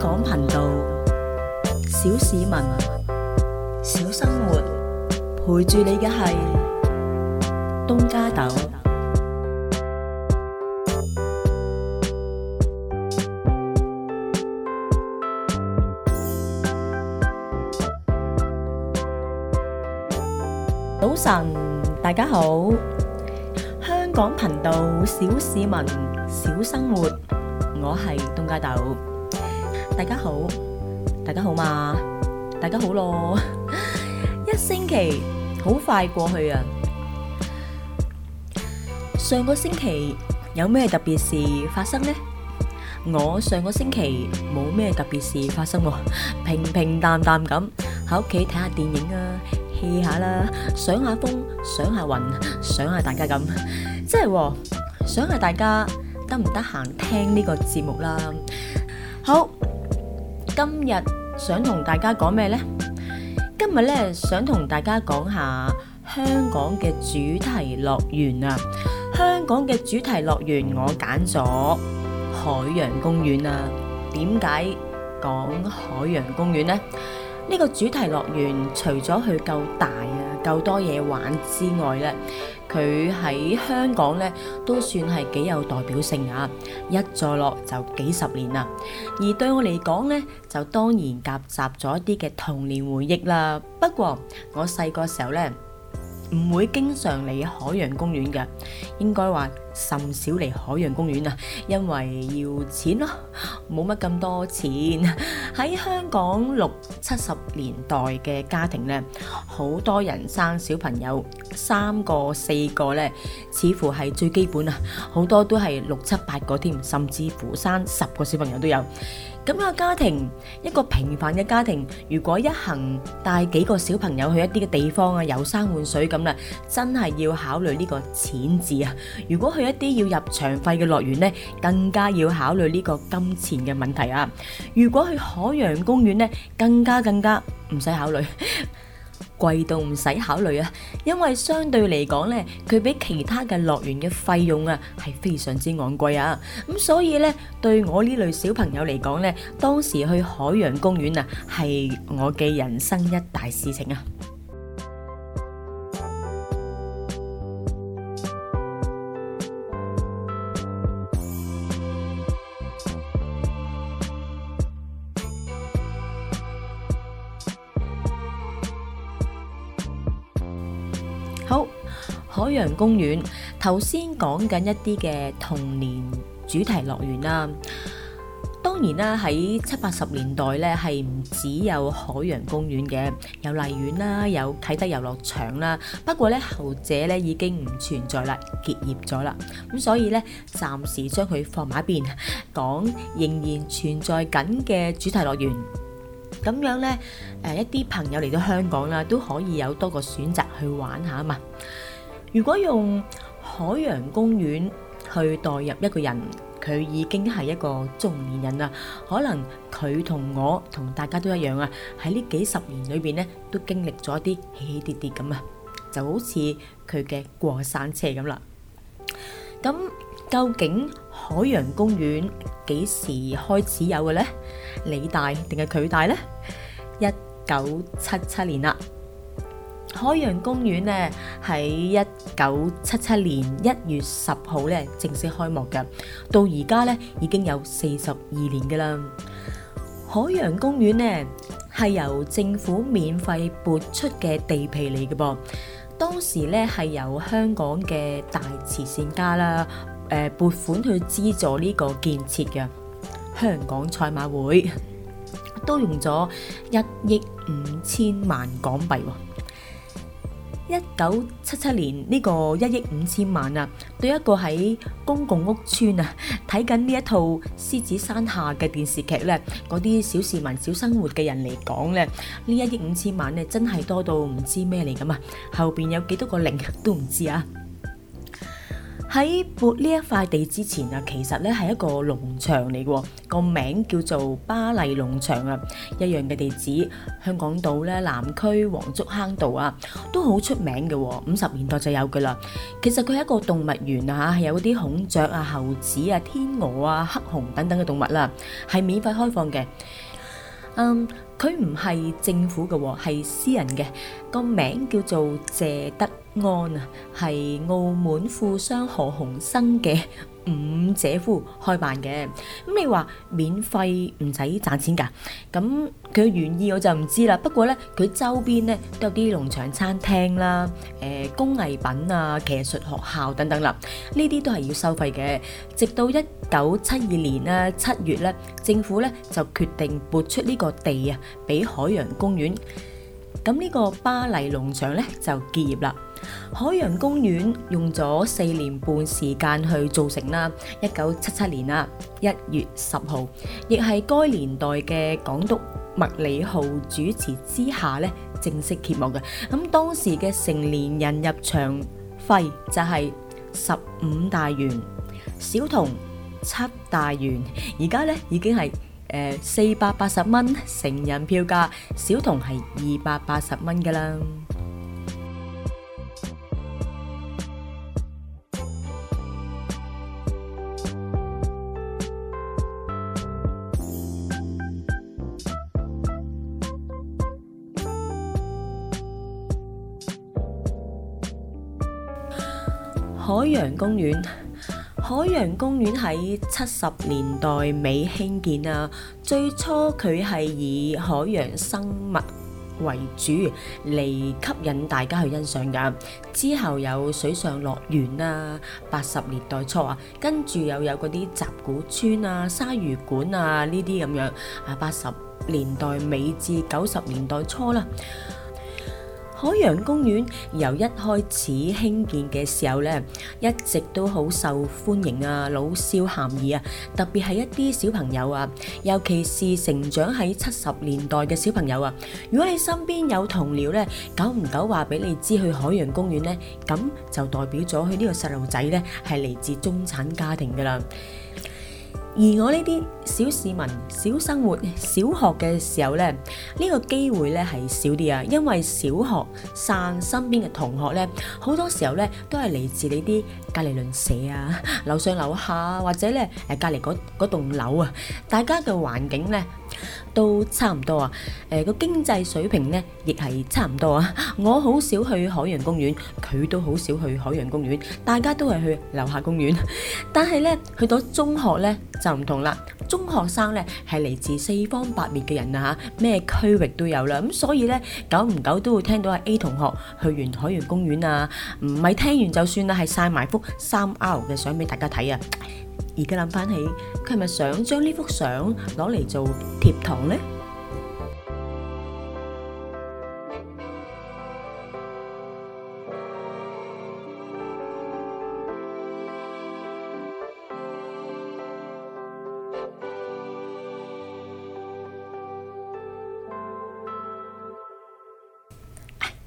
港頻道小市民小生活，陪住你嘅係東加豆。早晨，大家好，香港頻道小市民小生活，我係東加豆。大家好，大家好嗎？大家好咯。一星期好快過去啊！上個星期有咩特別事發生呢？我上個星期冇咩特別事發生喎，平平淡淡咁喺屋企睇下電影啊，戲下啦，想下風，想下雲，想下大家咁，即係想下大家得唔得閒聽呢個節目啦？好。今日想同大家講咩呢？今日咧想同大家講下香港嘅主題樂園啊！香港嘅主題樂園我揀咗海洋公園啊！點解講海洋公園呢？呢個主題樂園除咗佢夠大啊，夠多嘢玩之外咧？佢喺香港咧都算係幾有代表性啊，一坐落就幾十年啦。而對我嚟講咧，就當然夾雜咗一啲嘅童年回憶啦。不過我細個時候咧。唔會經常嚟海洋公園嘅，應該話甚少嚟海洋公園啊，因為要錢咯，冇乜咁多錢。喺香港六七十年代嘅家庭咧，好多人生小朋友三個四個咧，似乎係最基本啊，好多都係六七八個添，甚至乎生十個小朋友都有。咁個家庭，一個平凡嘅家庭，如果一行帶幾個小朋友去一啲嘅地方啊，遊山玩水咁啦，真係要考慮呢個錢字啊。如果去一啲要入場費嘅樂園呢，更加要考慮呢個金錢嘅問題啊。如果去海洋公園呢，更加更加唔使考慮。 貴到唔使考慮啊，因為相對嚟講咧，佢比其他嘅樂園嘅費用啊係非常之昂貴啊，咁所以咧，對我呢類小朋友嚟講咧，當時去海洋公園啊，係我嘅人生一大事情啊。海洋公園頭先講緊一啲嘅童年主題樂園啦。當然啦，喺七八十年代咧，係唔止有海洋公園嘅，有荔園啦，有啟德遊樂場啦。不過咧，後者咧已經唔存在啦，結業咗啦。咁所以咧，暫時將佢放埋一邊，講仍然存在緊嘅主題樂園。咁樣咧，誒，一啲朋友嚟到香港啦，都可以有多個選擇去玩下啊嘛。如果用海洋公園去代入一個人，佢已經係一個中年人啦，可能佢同我同大家都一樣啊，喺呢幾十年裏邊咧，都經歷咗啲起起跌跌咁啊，就好似佢嘅過山車咁啦。咁究竟海洋公園幾時開始有嘅呢？你大定係佢大呢？一九七七年啦。海洋公園咧，喺一九七七年一月十號咧，正式開幕嘅，到而家咧已經有四十二年嘅啦。海洋公園咧，係由政府免費撥出嘅地皮嚟嘅噃，當時咧係由香港嘅大慈善家啦，誒、呃、撥款去資助呢個建設嘅。香港賽馬會都用咗一億五千萬港幣喎。一九七七年呢、這個一億五千萬啊，對一個喺公共屋邨啊睇緊呢一套《獅子山下》嘅電視劇咧，嗰啲小市民、小生活嘅人嚟講咧，呢一億五千萬咧真係多到唔知咩嚟咁啊！後邊有幾多個零都唔知啊。喺撥呢一塊地之前啊，其實咧係一個農場嚟嘅，個名叫做巴黎農場啊，一樣嘅地址，香港島咧南區黃竹坑道啊，都好出名嘅、哦，五十年代就有噶啦。其實佢係一個動物園啊，吓，有啲孔雀啊、猴子啊、天鵝啊、黑熊等等嘅動物啦、啊，係免費開放嘅。嗯，佢唔係政府嘅、哦，係私人嘅，個名叫做謝德安啊，係澳門富商何鴻燊嘅五姐夫開辦嘅。咁你話免費唔使賺錢㗎？咁佢嘅原意我就唔知啦。不過咧，佢周邊咧都有啲農場、餐廳啦、誒工藝品啊、騎術學校等等啦。呢啲都係要收費嘅。直到一九七二年啦，七月咧，政府咧就決定撥出呢個地啊，俾海洋公園。咁呢個巴黎農場咧就結業啦。海洋公園用咗四年半時間去造成啦，一九七七年啦，一月十號，亦係該年代嘅港督麥理浩主持之下咧正式揭幕嘅。咁當時嘅成年人入場費就係十五大元，小童七大元。而家咧已經係誒四百八十蚊成人票價，小童係二百八十蚊噶啦。海洋公園，海洋公園喺七十年代尾興建啊，最初佢係以海洋生物為主嚟，吸引大家去欣賞噶，之後有水上樂園啊，八十年代初啊，跟住又有嗰啲集古村啊、鯊魚館啊呢啲咁樣啊，八十年代尾至九十年代初啦、啊。海洋公園由一開始興建嘅時候呢，一直都好受歡迎啊，老少咸宜啊，特別係一啲小朋友啊，尤其是成長喺而我呢啲小市民、小生活、小學嘅時候咧，呢、呢個機會咧係少啲啊，因為小學生身邊嘅同學咧，好多時候咧都係嚟自呢啲隔離鄰舍啊、樓上樓下啊，或者咧誒、呃、隔離嗰嗰棟樓啊，大家嘅環境咧，都差唔多啊，誒、呃、個經濟水平呢亦係差唔多啊。我好少去海洋公園，佢都好少去海洋公園，大家都係去樓下公園。但係呢，去到中學呢就唔同啦，中學生呢係嚟自四方八面嘅人啊，咩區域都有啦。咁所以呢，久唔久都會聽到阿 A 同學去完海洋公園啊，唔係聽完就算啦，係晒埋幅三 R 嘅相俾大家睇啊。而家諗翻起，佢係咪想將呢幅相攞嚟做貼堂呢？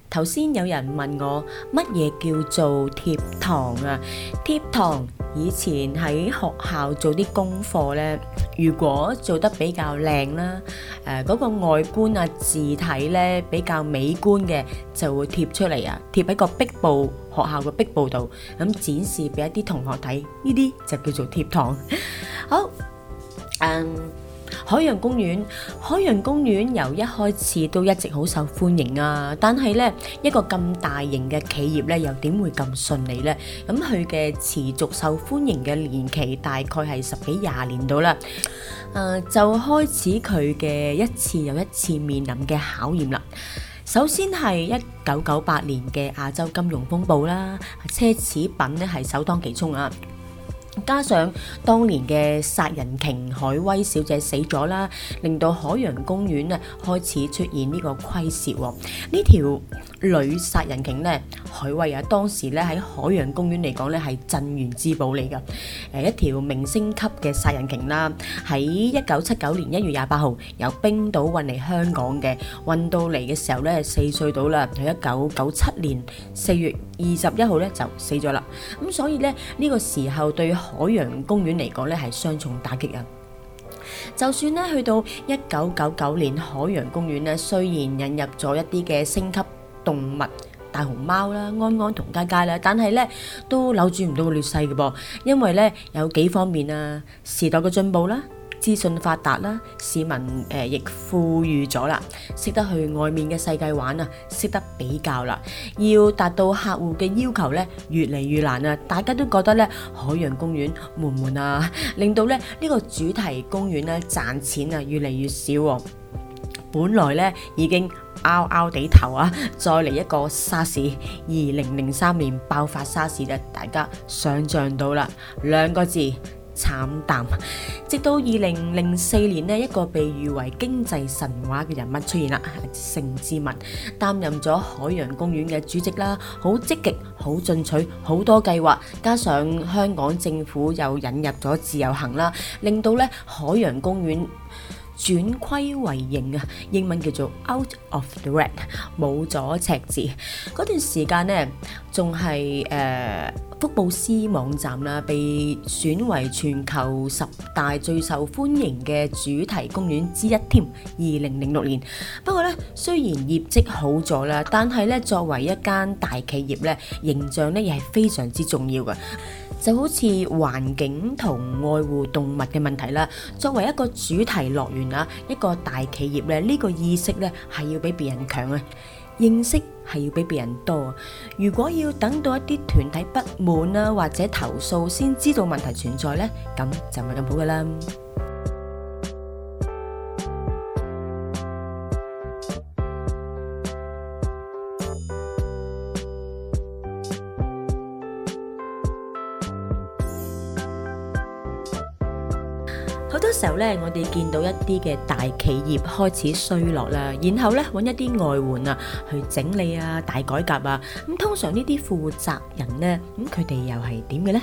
頭先有人問我乜嘢叫做貼堂啊？貼堂。以前喺學校做啲功課咧，如果做得比較靚啦，誒、呃、嗰、嗰個外觀啊，字體咧比較美觀嘅，就會貼出嚟啊，貼喺個壁布，學校嘅壁布度，咁、呃、展示俾一啲同學睇，呢啲就叫做貼堂。 海洋公園，海洋公園由一開始都一直好受歡迎啊，但係呢一個咁大型嘅企業呢，又點會咁順利呢？咁佢嘅持續受歡迎嘅年期大概係十幾廿年到啦。誒、呃，就開始佢嘅一次又一次面臨嘅考驗啦。首先係一九九八年嘅亞洲金融風暴啦，奢侈品呢係首當其衝啊！加上當年嘅殺人鯨海威小姐死咗啦，令到海洋公園咧開始出現呢個虧蝕喎。呢條女殺人鯨咧，海威啊，當時咧喺海洋公園嚟講咧係鎮園之寶嚟㗎，誒一條明星級嘅殺人鯨啦，喺一九七九年一月廿八號由冰島運嚟香港嘅，運到嚟嘅時候咧四歲到啦，喺一九九七年四月二十一號咧就死咗啦，咁所以咧呢個時候對海洋公園嚟講咧係雙重打擊啊！就算咧去到一九九九年，海洋公園咧雖然引入咗一啲嘅星級動物，大熊貓啦、安安同佳佳啦，但係咧都扭轉唔到個劣勢嘅噃，因為咧有幾方面啊，時代嘅進步啦。資訊發達啦，市民誒亦富裕咗啦，識得去外面嘅世界玩啊，識得比較啦，要達到客戶嘅要求咧，越嚟越難啊！大家都覺得咧海洋公園悶悶啊，令到咧呢個主題公園咧賺錢啊越嚟越少。本來咧已經拗拗地頭啊，再嚟一個沙士，二零零三年爆發沙士嘅，大家想象到啦，兩個字。慘淡，直到二零零四年呢，一個被譽為經濟神話嘅人物出現啦，盛智文擔任咗海洋公園嘅主席啦，好積極，好進取，好多計劃，加上香港政府又引入咗自由行啦，令到呢海洋公園。轉虧為盈啊！英文叫做 out of the red，冇咗赤字。嗰段時間咧，仲係誒福布斯網站啦，被選為全球十大最受歡迎嘅主題公園之一添。二零零六年，不過咧，雖然業績好咗啦，但係咧，作為一間大企業咧，形象咧亦係非常之重要㗎。就好似環境同愛護動物嘅問題啦。作為一個主題樂園啊，一個大企業咧，呢個意識咧係要比別人強啊，認識係要比別人多啊。如果要等到一啲團體不滿啊，或者投訴先知道問題存在呢，咁就唔係咁好噶啦。咧，我哋見到一啲嘅大企業開始衰落啦，然後咧揾一啲外援啊，去整理啊，大改革啊，咁通常呢啲負責人咧，咁佢哋又係點嘅呢？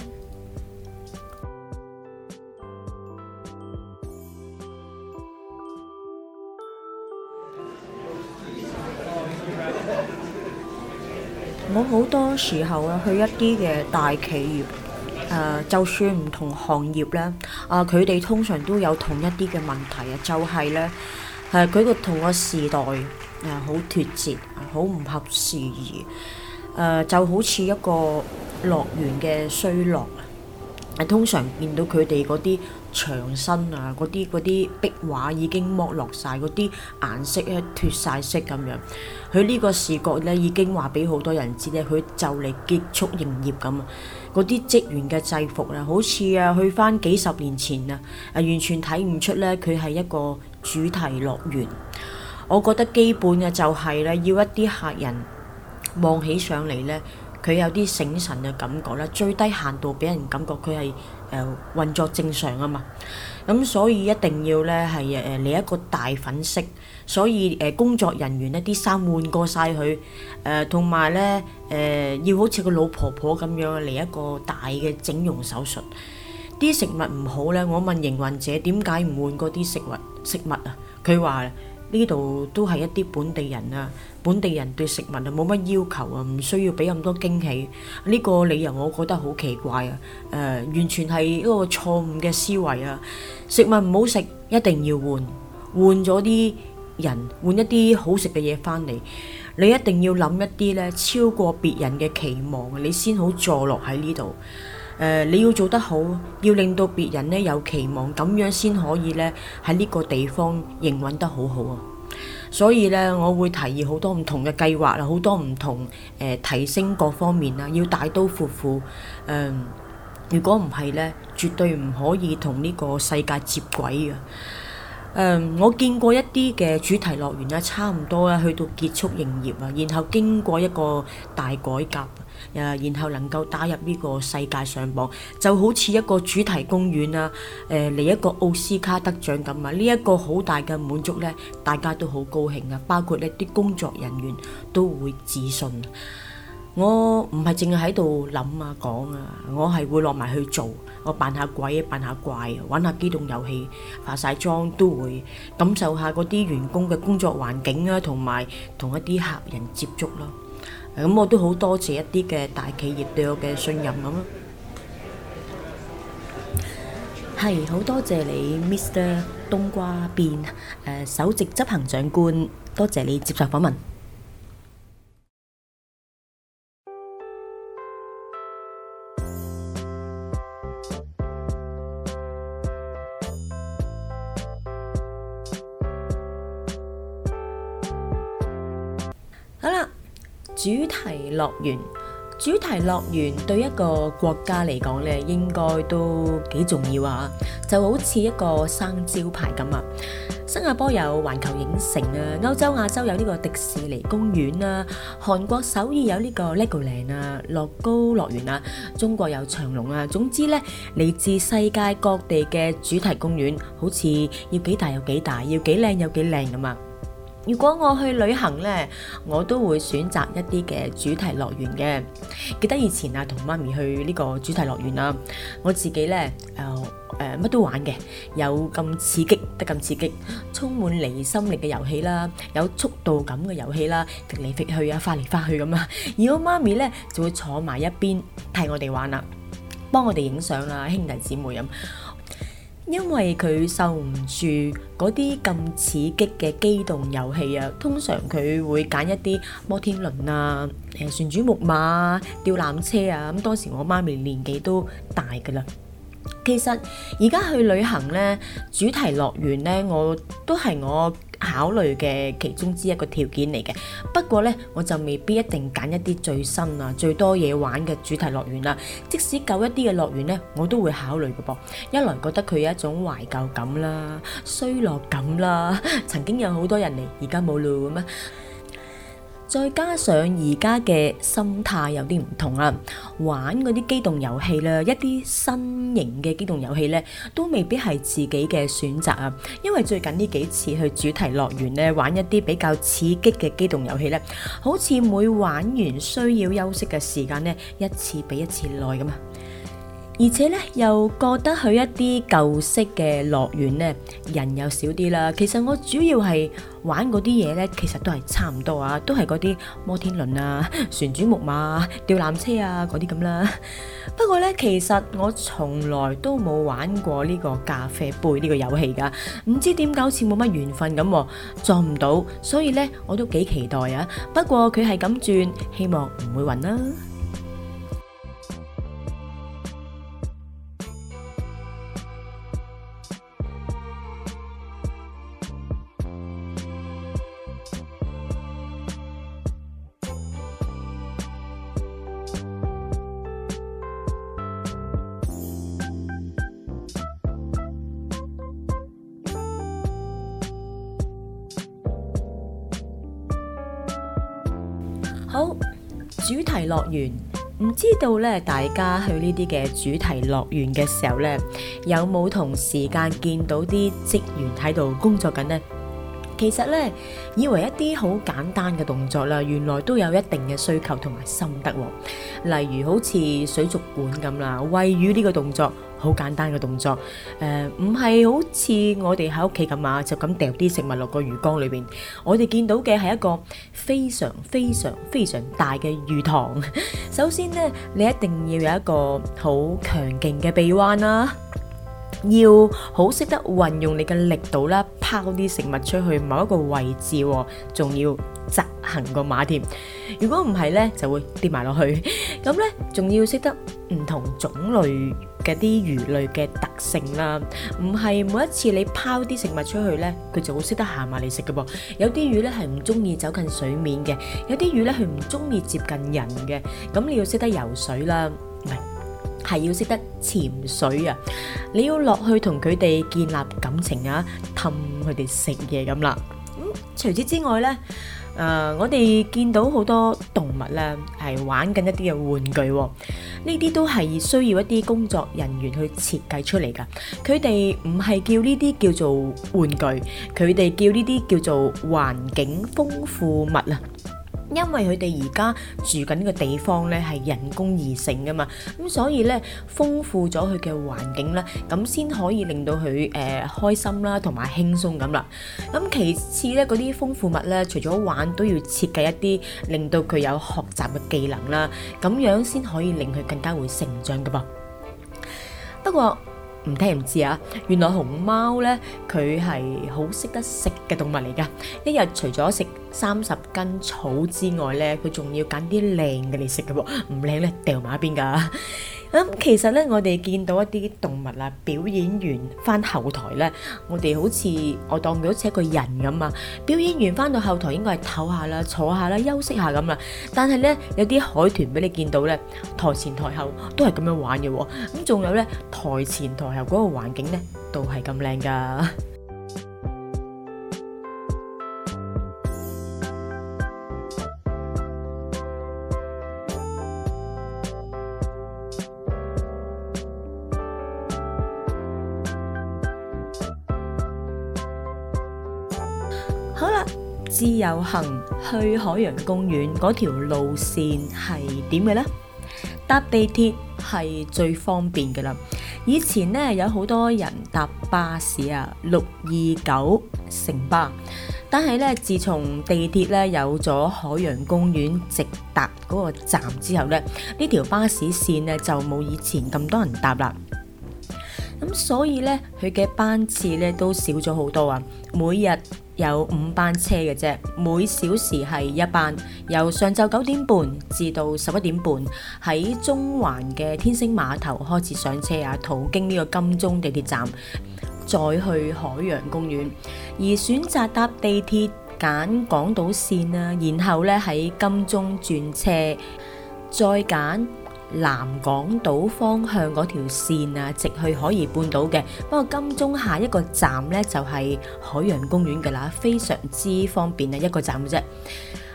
我好 多時候啊，去一啲嘅大企業。誒、呃，就算唔同行業咧，啊、呃，佢哋通常都有同一啲嘅問題啊，就係、是、咧，誒、呃，佢個同個時代誒好脫節，好唔合時宜。誒、呃，就好似一個樂園嘅衰落，係、呃、通常見到佢哋嗰啲牆身啊，嗰啲啲壁畫已經剝落晒，嗰啲顏色咧脫晒色咁樣。佢呢個視覺咧已經話俾好多人知咧，佢就嚟結束營業咁啊！嗰啲職員嘅制服啊，好似啊去返幾十年前啊，啊完全睇唔出咧，佢係一個主題樂園。我覺得基本嘅就係咧，要一啲客人望起上嚟咧，佢有啲醒神嘅感覺啦，最低限度俾人感覺佢係。誒、呃、運作正常啊嘛，咁、嗯、所以一定要咧係誒嚟一個大粉色。所以誒、呃、工作人員呢啲衫換過晒佢。誒同埋咧誒要好似個老婆婆咁樣嚟一個大嘅整容手術，啲食物唔好咧，我問營運者點解唔換嗰啲食物食物啊，佢話。呢度都係一啲本地人啊，本地人對食物啊冇乜要求啊，唔需要俾咁多驚喜。呢個理由我覺得好奇怪啊，誒、呃、完全係一個錯誤嘅思維啊！食物唔好食，一定要換，換咗啲人，換一啲好食嘅嘢翻嚟，你一定要諗一啲呢，超過別人嘅期望，你先好坐落喺呢度。誒、呃，你要做得好，要令到別人咧有期望，咁樣先可以呢喺呢個地方營運得好好啊！所以呢，我會提議好多唔同嘅計劃啊，好多唔同誒、呃、提升各方面啊，要大刀闊斧。如果唔係呢，絕對唔可以同呢個世界接軌嘅、呃。我見過一啲嘅主題樂園咧，差唔多咧去到結束營業啊，然後經過一個大改革。誒，然後能夠打入呢個世界上榜，就好似一個主題公園啊，誒嚟一個奧斯卡得獎咁啊！呢一個好大嘅滿足呢，大家都好高興啊，包括呢啲工作人員都會自信。我唔係淨係喺度諗啊講啊，我係會落埋去做，我扮下鬼扮下怪，玩下機動遊戲，化曬妝都會感受下嗰啲員工嘅工作環境啊，同埋同一啲客人接觸咯。咁我都好多謝一啲嘅大企業對我嘅信任咁咯，係好多謝你，Mr 東加豆誒，首席執行長官，多謝你接受訪問。樂園主題樂園對一個國家嚟講咧，應該都幾重要啊！就好似一個生招牌咁啊。新加坡有環球影城啊，歐洲、亞洲有呢個迪士尼公園啊，韓國首爾有呢個 Legoland 啊，樂高樂園啊，中國有長隆啊。總之咧，嚟自世界各地嘅主題公園，好似要幾大有幾大，要幾靚有幾靚咁啊！如果我去旅行呢，我都會選擇一啲嘅主題樂園嘅。記得以前啊，同媽咪去呢個主題樂園啊，我自己呢，誒、呃、乜、呃、都玩嘅，有咁刺激得咁刺激，充滿離心力嘅遊戲啦，有速度感嘅遊戲啦，搣嚟搣去啊，翻嚟翻去咁啊。而我媽咪呢，就會坐埋一邊替我哋玩啦，啊，幫我哋影相啦，兄弟姊妹咁，啊。因為佢受唔住嗰啲咁刺激嘅機動遊戲啊，通常佢會揀一啲摩天輪啊、誒旋轉木馬、吊纜車啊。咁當時我媽咪年紀都大㗎喇。其實而家去旅行咧，主題樂園咧，我都係我。考慮嘅其中之一個條件嚟嘅，不過呢，我就未必一定揀一啲最新啊、最多嘢玩嘅主題樂園啦。即使舊一啲嘅樂園呢，我都會考慮嘅噃。一來覺得佢有一種懷舊感啦、衰落感啦，曾經有好多人嚟，而家冇嚟啊嘛。再加上而家嘅心態有啲唔同啦，玩嗰啲機動遊戲呢，一啲新型嘅機動遊戲呢，都未必係自己嘅選擇啊。因為最近呢幾次去主題樂園呢，玩一啲比較刺激嘅機動遊戲呢，好似每玩完需要休息嘅時間呢，一次比一次耐咁啊。而且咧，又覺得去一啲舊式嘅樂園咧，人又少啲啦。其實我主要係玩嗰啲嘢咧，其實都係差唔多啊，都係嗰啲摩天輪啊、旋轉木馬、啊、吊纜車啊嗰啲咁啦。 不過咧，其實我從來都冇玩過呢個咖啡杯呢個遊戲噶，唔知點搞，似冇乜緣分咁，啊，撞唔到。所以咧，我都幾期待啊。不過佢係咁轉，希望唔會暈啦。主題樂園唔知道咧，大家去呢啲嘅主題樂園嘅時候咧，有冇同時間見到啲職員喺度工作緊呢？其實咧，以為一啲好簡單嘅動作啦，原來都有一定嘅需求同埋心得喎。例如好似水族館咁啦，喂魚呢個動作。好簡單嘅動作，誒唔係好似我哋喺屋企咁啊，就咁掉啲食物落個魚缸裏邊。我哋見到嘅係一個非常非常非常大嘅魚塘。首先呢，你一定要有一個好強勁嘅臂彎啦，啊，要好識得運用你嘅力度啦，拋啲食物出去某一個位置喎，仲要，執行個馬添，如果唔係咧，就會跌埋落去。咁 咧，仲要識得唔同種類嘅啲魚類嘅特性啦。唔係每一次你拋啲食物出去咧，佢就會識得行埋嚟食嘅噃。有啲魚咧係唔中意走近水面嘅，有啲魚咧佢唔中意接近人嘅。咁你要識得游水啦，唔係係要識得潛水啊。你要落去同佢哋建立感情啊，氹佢哋食嘢咁啦。咁、嗯、除此之外咧。誒，uh, 我哋見到好多動物咧，係玩緊一啲嘅玩具，哦，呢啲都係需要一啲工作人員去設計出嚟噶。佢哋唔係叫呢啲叫做玩具，佢哋叫呢啲叫做環境豐富物啊。因為佢哋而家住緊呢個地方咧係人工而成噶嘛，咁所以咧豐富咗佢嘅環境啦，咁先可以令到佢誒、呃、開心啦，同埋輕鬆咁啦。咁其次咧，嗰啲豐富物咧，除咗玩都要設計一啲，令到佢有學習嘅技能啦，咁樣先可以令佢更加會成長噶噃。不過，唔聽唔知啊！原來熊貓咧，佢係好識得食嘅動物嚟㗎。一日除咗食三十斤草之外咧，佢仲要揀啲靚嘅嚟食㗎喎，唔靚咧掉埋一邊㗎。嗯、其實咧，我哋見到一啲動物啊，表演完返後台咧，我哋好似我當佢好似一個人咁啊。表演完返到後台應該係唞下啦、坐下啦、休息下咁啦。但係咧，有啲海豚俾你見到咧，台前台後都係咁樣玩嘅喎、哦。咁、嗯、仲有咧，台前台後嗰個環境咧都係咁靚噶。自由行去海洋公園嗰條路線係點嘅呢？搭地鐵係最方便嘅啦。以前咧，有好多人搭巴士啊，六二九城巴，但係咧，自從地鐵咧有咗海洋公園直達嗰個站之後咧，呢條巴士線咧就冇以前咁多人搭啦。咁所以咧，佢嘅班次咧都少咗好多啊！每日有五班車嘅啫，每小時係一班，由上晝九點半至到十一點半，喺中環嘅天星碼頭開始上車啊，途經呢個金鐘地鐵站，再去海洋公園。而選擇搭地鐵揀港島線啦，然後咧喺金鐘轉車，再揀南港島方向嗰條線啊，直去海怡半島嘅。不過金鐘下一個站咧就係海洋公園㗎喇，非常之方便啊，一個站嘅啫。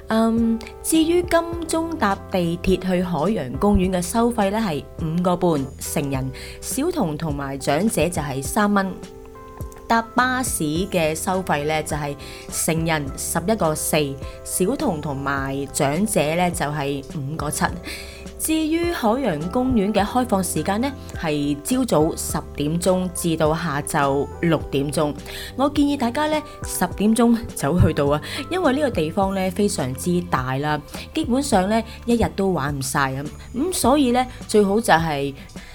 嗯，至於金鐘搭地鐵去海洋公園嘅收費咧，係五個半成人，小童同埋長者就係三蚊。搭巴士嘅收費咧就係成人十一個四，小童同埋長者咧就係五個七。至於海洋公園嘅開放時間呢，係朝早十點鐘至到下晝六點鐘。我建議大家呢，十點鐘就去到啊，因為呢個地方呢，非常之大啦，基本上呢，一日都玩唔晒咁，咁、嗯、所以呢，最好就係、是。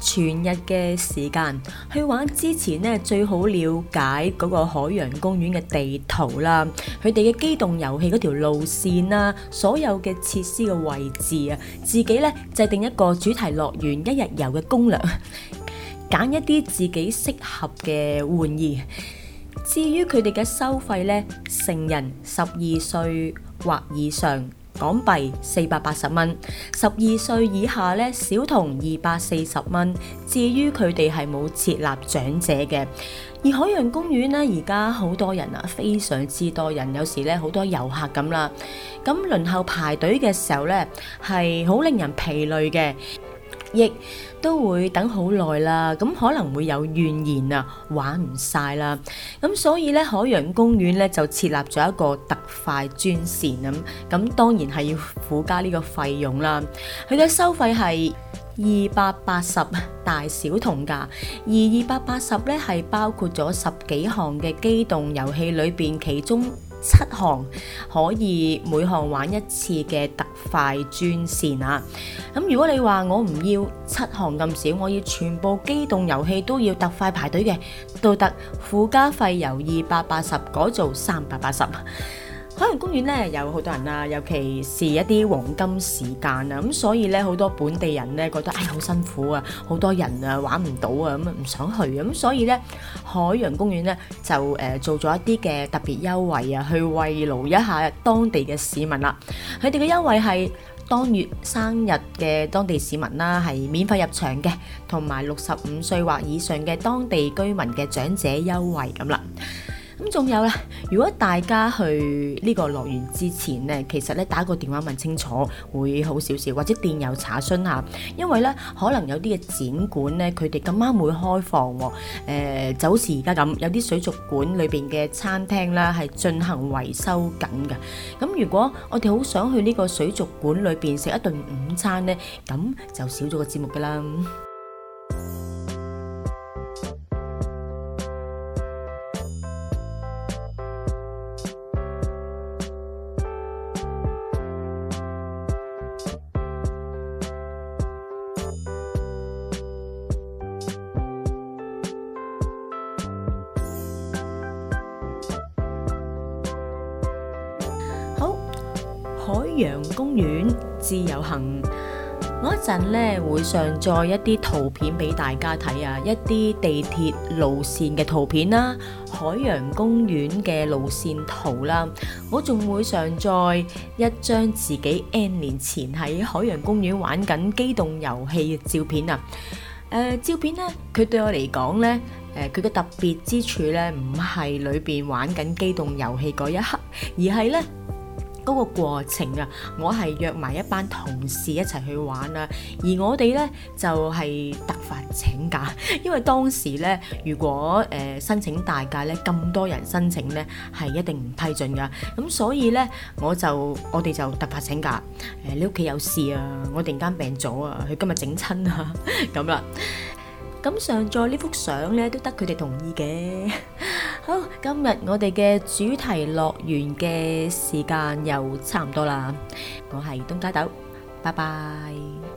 全日嘅時間去玩之前呢，最好了解嗰個海洋公園嘅地圖啦，佢哋嘅機動遊戲嗰條路線啦，所有嘅設施嘅位置啊，自己呢制定一個主題樂園一日遊嘅攻略，揀一啲自己適合嘅玩意。至於佢哋嘅收費呢，成人十二歲或以上。港幣四百八十蚊，十二歲以下咧，小童二百四十蚊。至於佢哋係冇設立長者嘅。而海洋公園咧，而家好多人啊，非常之多人，有時咧好多遊客咁啦。咁輪候排隊嘅時候咧，係好令人疲累嘅。亦都會等好耐啦，咁可能會有怨言啊，玩唔晒啦，咁所以咧海洋公園咧就設立咗一個特快專線咁，咁當然係要附加呢個費用啦。佢嘅收費係二百八十大小同價，而二百八十咧係包括咗十幾項嘅機動遊戲裏邊，其中。七項可以每項玩一次嘅特快專線啊！咁如果你話我唔要七項咁少，我要全部機動遊戲都要特快排隊嘅，都得附加費，由二百八十改做三百八十。海洋公園咧有好多人啊，尤其是一啲黃金時間啊，咁所以咧好多本地人咧覺得唉好辛苦啊，好多人啊玩唔到啊，咁唔想去啊，咁所以咧海洋公園咧就誒做咗一啲嘅特別優惠啊，去慰勞一下當地嘅市民啦。佢哋嘅優惠係當月生日嘅當地市民啦，係免費入場嘅，同埋六十五歲或以上嘅當地居民嘅長者優惠咁啦。咁仲有啦，如果大家去呢個樂園之前咧，其實咧打個電話問清楚會好少少，或者電郵查詢下，因為咧可能有啲嘅展館咧，佢哋咁啱會開放喎。誒就好似而家咁，有啲水族館裏邊嘅餐廳啦，係進行維修緊嘅。咁如果我哋好想去呢個水族館裏邊食一頓午餐咧，咁就少咗個節目噶啦。我一陣咧會上載一啲圖片俾大家睇啊，一啲地鐵路線嘅圖片啦，海洋公園嘅路線圖啦，我仲會上載一張自己 N 年前喺海洋公園玩緊機動遊戲嘅照片啊。誒，照片咧，佢對我嚟講咧，誒，佢嘅特別之處咧，唔係裏邊玩緊機動遊戲嗰一刻，而係咧。嗰個過程啊，我係約埋一班同事一齊去玩啦，而我哋呢，就係、是、突發請假，因為當時呢，如果誒、呃、申請大假呢，咁多人申請呢，係一定唔批准噶，咁所以呢，我就我哋就突發請假，誒、呃、你屋企有事啊，我突然間病咗啊，佢今日整親啊咁啦。 咁上載呢幅相咧，都得佢哋同意嘅。 好，今日我哋嘅主題樂園嘅時間又差唔多啦。我係東加豆，拜拜。